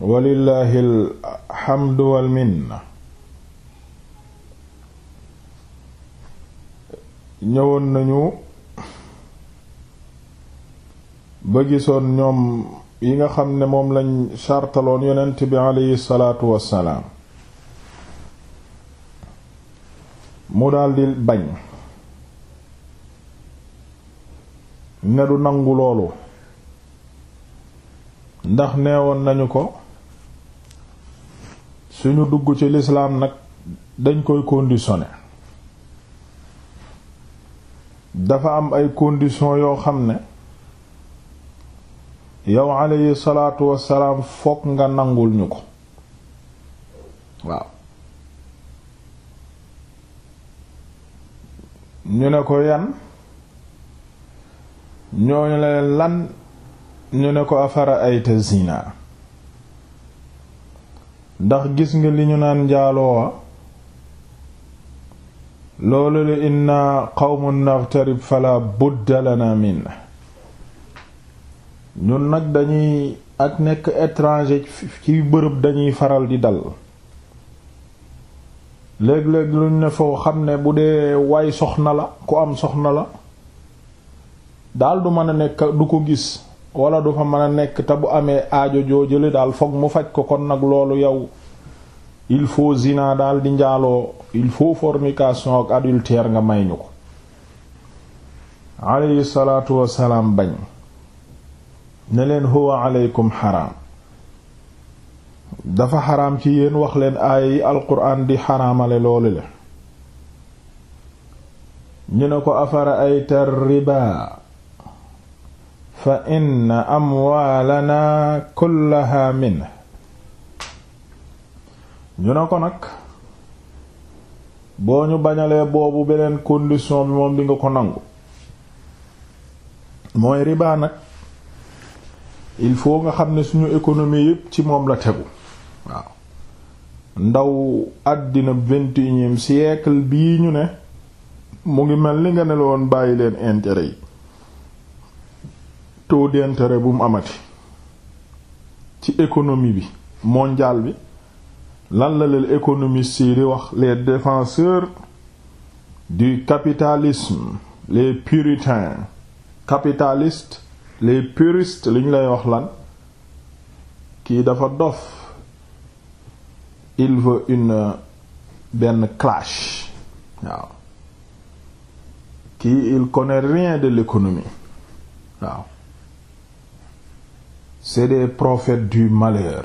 walillahi alhamdu wal ñëwoon nañu ba gisoon ñoom yi nga xam ne moom lañu sartaloon yonent bi aleyhi salaatu wassalaam mu daldi bañ ne du nangu loolu ndax neewoon nañu ko suñu dugg ci lislaam nag dañ koy conditionné dafa am ay condition yoo xam ne yow alayhi salaatu wassalaam fokk nga nangul ñu ko waaw ñu ne ko yan ñooñu leen lan ñu ne ko afara ayta zina ndax gis nga li ñu naan njaaloowa loolu la inna qawmun naqtarib fala la lana min ñun nag dañuy ak nekk étranger ci bërëb dañuy faral di dal léeg-léeg luñ ne foo xam ne bu dee waay soxna la ku am soxna la daal du mën a nekk du ko gis wala du fa mën a nekk te bu amee aajo joojale daal foog mu faj ko kon nag loolu yow il faut zina daal di njaaloo il faut fornication ak adultère nga may ñu ko aleyhi salaatu wasalaam bañ ne leen huwa aleykum xaraam dafa xaraam ci yéen wax leen aaya yi alquran di xaraamale loolu le ñu ne ko afara ay tar riba fa inna amwaalanaa kullahaa min ñu ne ko nag boo ñu bañalee boobu beneen condition bi moom di nga ko nangu mooy riba nag il faut nga xam ne suñu économie yépp ci moom la tegu waaw ndaw àddina vingt et unième bii ñu ne mu ngi mel ni nga ne woon bàyyi leen intérêt yi taux d'intérêt bu mu amati ci économie bi mondiale bi lan la leen économistes yi di wax les défenseurs du capitalisme les puritains capitalistes les puristes liñ lay wax lan kii dafa dof il veut une benn clash waaw kii il connaît rien de l'économie waaw c'est des prophètes du malheur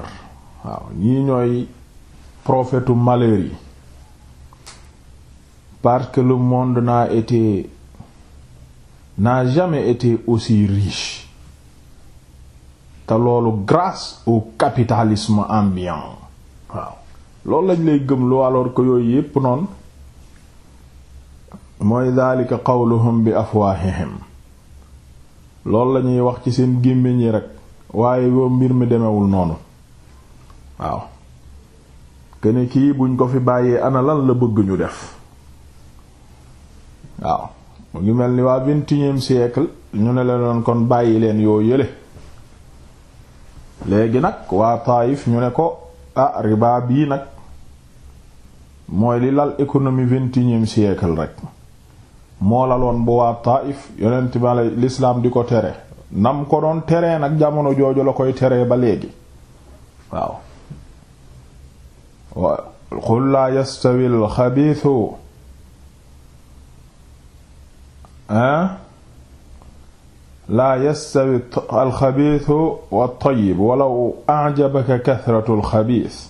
waaw ñii ñooy prophètu malheur yi parce que le monde n'a été n'a jamais été aussi riche te loolu grâce au capitalisme ambiant waaw loolu lañ lay gëm lu alors que yooyu yépp noonu mooy daalika qawluhum bi afwaahihim loolu la ñuy wax ci seen gémmiñ yi rek waaye boo mbir mi demewul noonu waaw kene kii buñ ko fi bàyyee ana lan la bëgg ñu def waaw mu ngi mel ni waa vingt et ñu ne leen kon bàyyi leen yoo yële léegi nag waa Taïf ñu ne ko ah riba bii nag mooy li lal économie vingt et rek moo laloon bu waa Taïf yonent bi lislaam di ko tere nam ko doon teree nag jamono jooju la koy tere ba léegi waaw wa qul laa yastawi alxabiisu laa yastawi alxabiisu waltayib walaw ajabaka kasratu alxabiis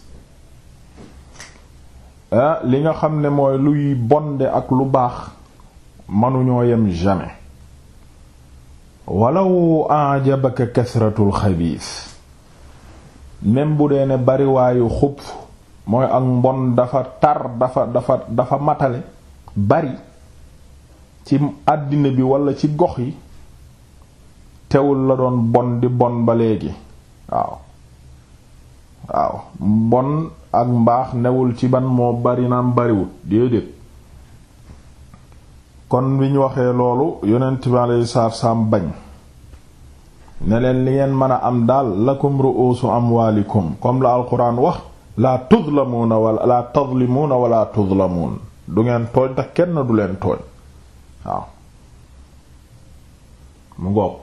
li nga xam ne mooy luy bonde ak lu baax mënuñoo yem jamais walaw ajabaka kesratul xabiis même bu dee ne bariwaayu xub mooy ak mbon dafa tar dafa dafa dafa matale bari ci àddina bi wala ci gox yi tewul la doon bon di bon ba léegi waaw waaw mbon ak mbaax newul ci ban moo bari naan bariwul déedéet kon bi ñu waxee loolu yonent bi alayhi salaatu salaam bañ ne leen li ngeen mën a am daal lakum ru'uusu amwaalikum comme la alquran wax laa tudlamuuna wala laa tadlimuuna wala tudlamuun du ngeen tooñ te kenn du leen tooñ waaw mu ngoog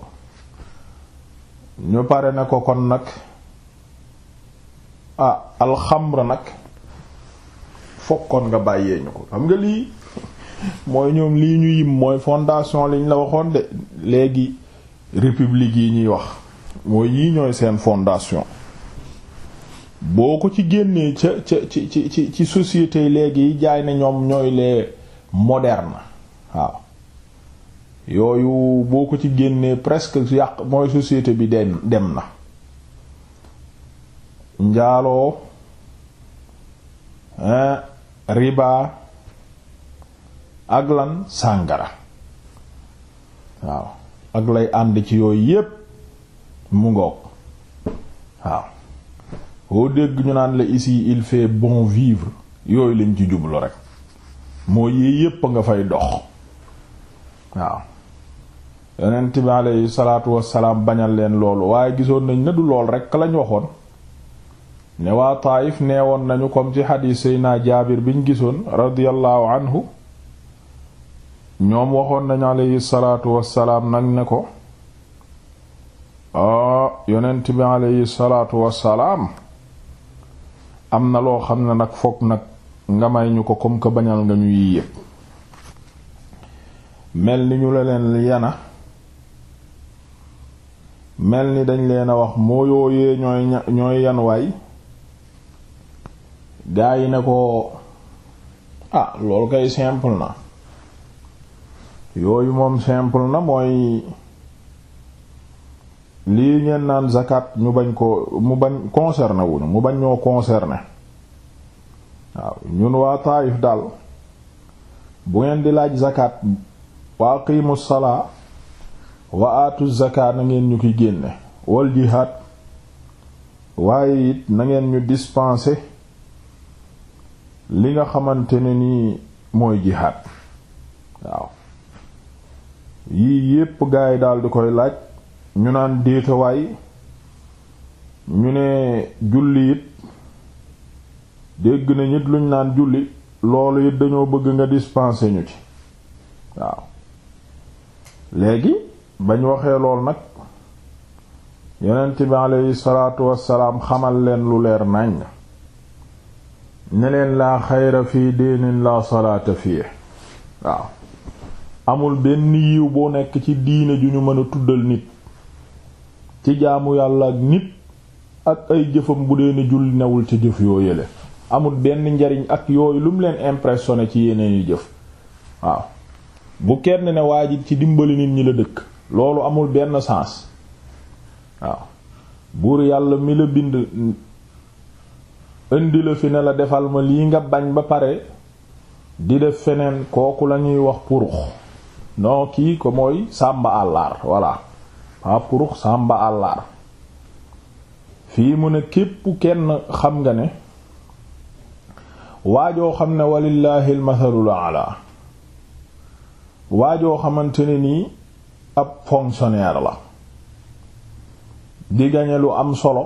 ñu pare ne ko kon nag ah alxamra nag fokkoon nga bàyyee ñu ko xam nga lii mooy ñoom lii ñu yim mooy fondation liñ la waxoon de léegi république yi ñuy wax mooy yii ñooy seen fondation boo ko ci génnee ca ca ci ci ci ci sociétés yi léegi jaay na ñoom ñooy les modernes waaw yooyu boo ko ci génnee presque yàq mooy société bi dem dem na njaaloo hein riba ak lan sàngara waaw ak lay ànd ci yooyu yépp mu ngoog waaw boo dégg ñu naan la ici il fait bon vivre yooyu lañ ci jublu rek moo yii yépp a nga fay dox waaw yonent bi aleyhi salaatu wassalaam bañal leen loolu waaye gisoon nañ ne du lool rekk lañ waxoon ne waa Taayif nee woon nañu comme ci xadiis Seydina Jaabir biñ gisoon radiyallahu anhu ñoom waxoon nañu aleyhi salaatu wassalaam nag ne ko ah yonent bi aleyhi salaatu wassalaam am na loo xam ne nag foog nag nga may ñu ko comme que bañal nga ñuy yépp mel ni ñu la leen yana mel ni dañ leen a wax moo yooyee ñooy ñooy yan gaa yi ne ko ah loolu kay simple na yooyu moom simple na mooy lii ngeen naan zakat ñu bañ ko mu bañ concerné wuñu mu bañ ñoo concerné waaw ñun waa Taayif daal bu ngeen di laaj zakat wa aqimu salaa wa aatu zakat na ngeen ñu ki génne wal jihaad waaye it na ngeen ñu dispenser li nga xamante ne nii mooy jihaad waaw yii yépp gaa yi daal di koy laaj ñu naan déetawaay ñu ne julli it dégg na ñit luñ naan julli loolu it dañoo bëgg nga dispenser ñu ci waaw léegi bañ waxee lool nag yonent bi aleyhi salaatu wassalaam xamal leen lu leer nañ ne leen laa xayra fii diinin laa salaata fii waaw amul benn yiw boo nekk ci diine ju ñu mën a tuddal nit ci jaamu yàlla ak nit ak ay jëfam bu dee ne julli newul ci jëf yoo yële amul benn njariñ ak yooyu lu mu leen impressionné ci yeneen yu jëf waaw bu kenn ne waa ji ci dimbali nit ñi la dëkk loolu amul benn sens waaw buur yàlla mi la bind indi fi ne la defal ma lii nga bañ ba pare di def feneen kooku lañuy wax purux non kii ko mooy sàmba àllaar voilà papurux sàmba àllaar fii mu ne képp kenn xam nga ne waajoo xam ne walillahi almathalul ala waajoo xamante ne nii ab fonctionnaire la di gañe lu am solo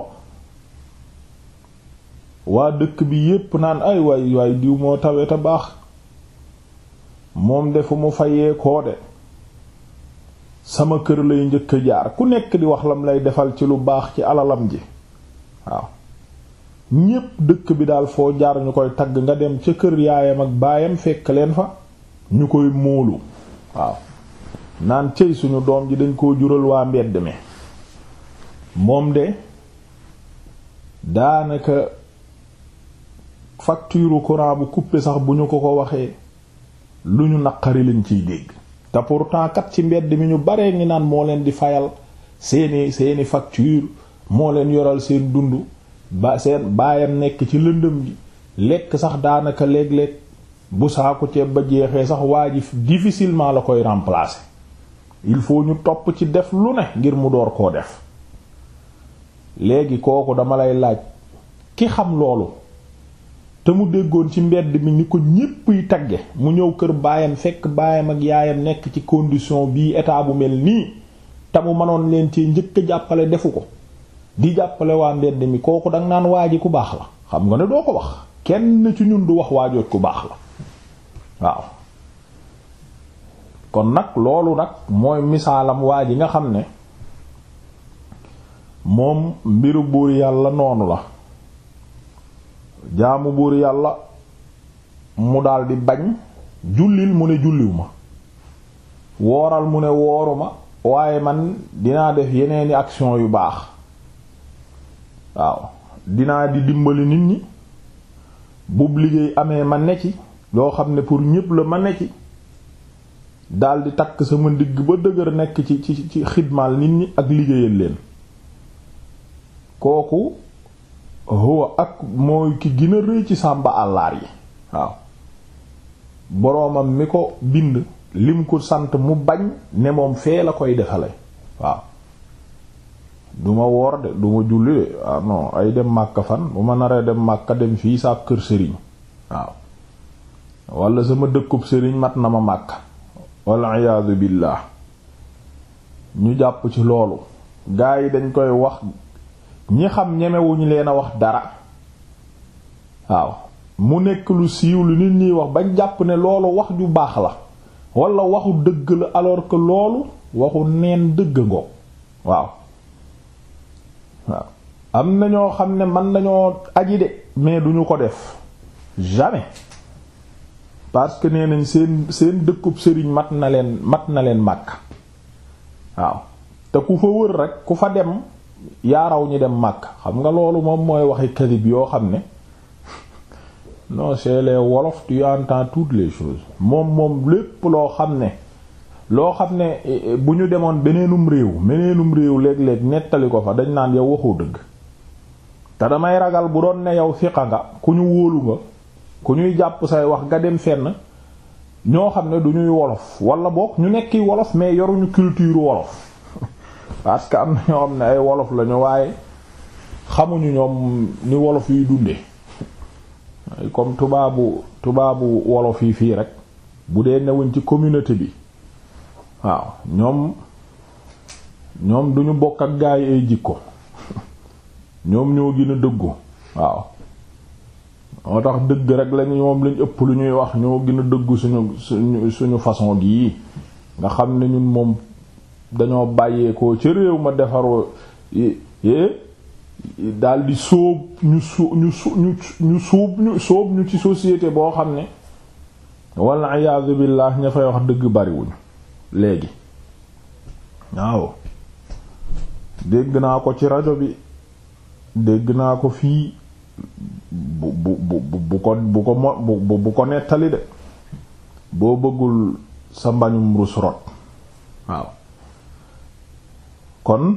waa dëkk bi yépp naan ay waay waay diw moo taweta baax moom fu mu fayee koo de sama kër lay njëkk a jaar ku nekk di wax lam lay defal ci lu baax ci alalam ji waaw ñépp dëkk bi daal foo jaar ñu koy tagg nga dem ca kër yaayam ak baayam fekk leen fa ñu koy móolu waaw naan cëy suñu doom ji dañ koo jural waa mbedd mi moom de daanaka facture courant bu coupé sax bu ñu ko ko waxee lu ñu naqari lañ ciy dégg te pourtant kat ci mbedd mi ñu baree ngi naan moo leen di fayal seeni seeni facture moo leen yoral seen dund ba seen baayam nekk ci lëndëm gi lekk sax daanaka léeg-léeg bu saako ceeb ba jeexee sax waa ji difficilement la koy remplacer il faut ñu topp ci def lu ne ngir mu door koo def léegi kooku dama lay laaj ki xam loolu te mu déggoon ci mbedd mi ni ko ñépp yi tagge mu ñëw kër baayam fekk baayam ak yaayam nekk ci condition bii état bu mel nii te mu manoon leen ci njëkk jàppale defu ko di jàppale waa mbedd mi kooku danga naan waa ji ku baax la xam nga ne doo ko wax kenn ci ñun du wax waajooj ku baax la waaw kon nag loolu nag mooy misaalam waa ji nga xam ne moom mbiru buur yàlla noonu la jaamu buur yàlla mu daldi bañ jullil mu ne julliw ma wooral mu ne wooru ma waaye man dinaa def yeneeni action yu baax waaw dinaa di dimbali nit ñi bub liggéey amee ma ne ci loo xam ne pour ñépp la ma ne ci daldi takk sama ndigg ba dëgër nekk ci ci ci xidmaal nit ñi ak liggéeyal leen kooku huwa ak mooy ki gën a ci sàmba àllaar yi waaw boroomam mi ko bind lim ko sant mu bañ ne moom fee la koy defale waaw duma woor de duma julli de ah ay dem màkka fan bu ma naree dem màkka dem fii sa kër sëriñ waaw wala sama dëkkub sëriñ mat na ma màkka walla iyaatu billaah ñu jàpp ci loolu gaa yi dañ koy wax ñi xam ñemewuñu leen a wax dara waaw mu nekk lu siiw lu nit ñiy wax bañ jàpp ne loolu wax ju baax la wala waxu dëgg la alors que loolu waxu neen dëgg ngoo waaw waaw am na ñoo xam ne mën nañoo aji de mais duñu ko def jamais parce que nee nañ seen seen dëkkub sëriñ mat na leen mat na leen màkk waaw te ku fa wër rek ku fa dem yaa raw ñi dem màkk xam nga loolu moom mooy waxi kadib yoo xam ne non c'est wolof tu entends toutes les choses moom moom lépp loo xam ne loo xam ne eh, eh, bu ñu demoon beneenum réew beneenum réew léeg-léeg nettali ko fa dañ naan yow waxoo dëgg te damay ragal bu doon ne yow siqa nga ku ñu wóolu nga ku ñuy jàpp say wax nga dem fenn ñoo xam ne du ñuy wolof wala boog ñu nekki wolof mais yoruñu culture wolof parce que am na ñoo xam ne ay wolof lañu waaye xamuñu ñoom ni wolof yuy dunde comme tubaabu tubaabu wolof yi fii rek bu dee newuñ ci communauté bi waaw ñoom ñoom duñu bokk ak gaa yi ay jikko ñoom ñoo gën a dëggu waaw moo tax dëgg rek lañu moom lañ ëpp lu ñuy wax ñoo gën a dëggu suñu suñu suñu façon gi nga xam ne ñun moom dañoo bàyyeekoo ca réew ma defaroo daldi di ñu su ñu su ñu ci société boo xam ne walla iyaazu billaah ña fay wax dëgg bariwuñu léegi waaw dégg naa ko ci rajo bi dégg naa ko fii bu bu bu bu ko bu ko mo bu bu ko nettali de boo bëggul sa mbañum rus rot waaw kon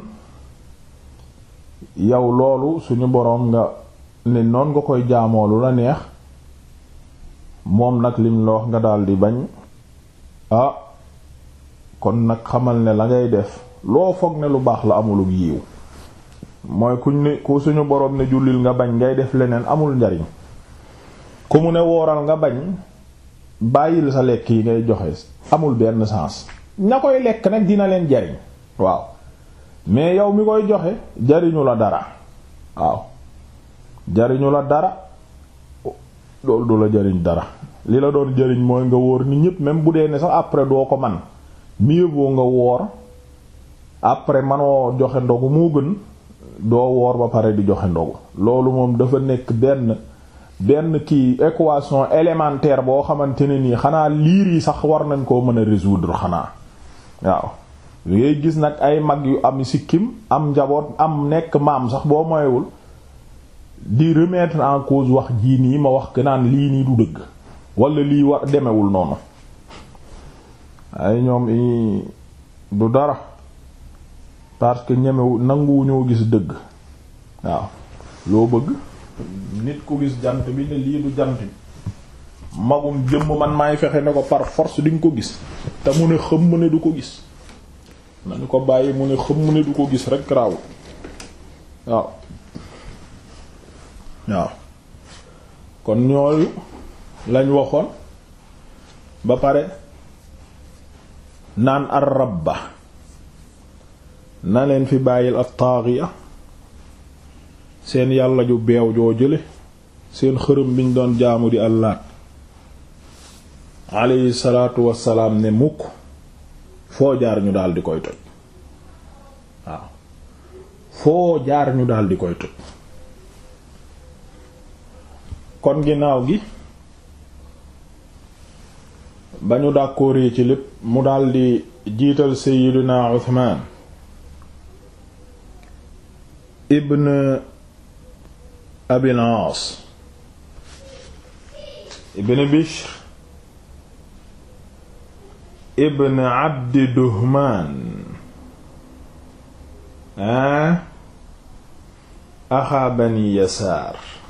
yow loolu suñu boroom nga ne noon nga koy jaamoo lu la neex moom nag lim la nga daldi bañ ah kon nag xamal ne la ngay def loo foog ne lu baax la amulu yiw mooy kuñ ne ku suñu boroom ne jullil nga bañ ngay def leneen amul njariñ ku mu ne wooral nga bañ bàyyil sa lekk yi ngay joxe amul benn sens ña koy lekk nag dina leen jariñ waaw mais yow mi koy joxe jariñu la dara waaw jariñu la dara loolu du la jariñ dara li la doon jariñ mooy nga wóor ni ñépp même bu dee ne sax après doo ko man mieux vaut nga woor après manoo joxe ndogu moo gën doo woor ba pare di joxe ndogu loolu moom dafa nekk benn benn kii équation élémentaire boo xamante ne nii xanaa liir yi sax war nañ koo mën a résoudre xanaa waaw li ngay gis nag ay mag yu am sikkim am njaboot am nekk maam sax boo moyewul di remettre en cause wax jii nii ma wax que lii nii du dëgg wala lii war demewul noonu ay ñoom i du dara parce que ñemewu nanguwu ñoo gis dëgg waaw loo bëgg nit ku gis jant bi ne lii du jant bi magum jëmm man maay fexe ne ko par force di nga ko gis te mu ne xëm ne du ko gis nañu ko bàyyi mu ne xëm ne du ko gis rekk raawul waaw waaw kon ñooyu lañ waxoon ba pare naan ar ba na leen fi bàyyil ak taaxiya seen yàlla ju beew joo jële seen xërëm biñ doon jaamu di àllaat aleyhi salaatu wassalaam ne mukk foo jaar ñu daal di koy toj waaw foo jaar ñu daldi di koy toj kon ginnaaw gi ba ñu d'accord ci lépp mu daldi jiital Seyyidina Uthman ibn Abil ibn Bishr ibn abdi duhmaan ah axaa bani yasaar